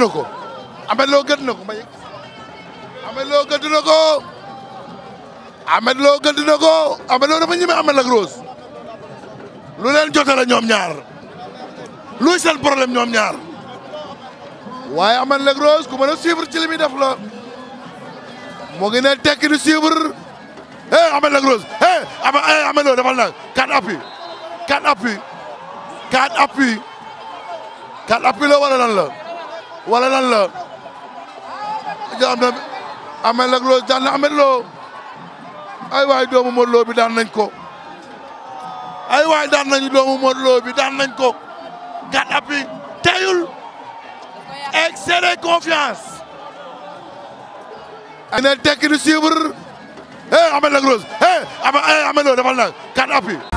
na ko Ameth Lo gëdd na ko ma yëg Ameth Lo gëdd na ko Ameth Lo gëdd na ko Ameth Lo dafa ñeme Ameth Lac Rose lu leen jotale ñoom ñaar luy seen problème ñoom ñaar waaye Ameth Lac Rose ku mën a suivre ci li muy def la mu ngi ne tekki di suivre eh Ameth Lac Rose eh Ameth Lo defal na quatre appui quatre appui quatre appui quatre appui la wala lan la wala lan la ja am na loo Lac Rose daan na Ahmed Lo ay waay doomu Modou Lo bi daan nañ ko ay waay daan nañu doomu Modou Lo bi daan nañ ko gat appi tayul excès de confiance ne tekki di suivre eh Ahmed Lac Rose eh Ahmed Lo defal na gat appi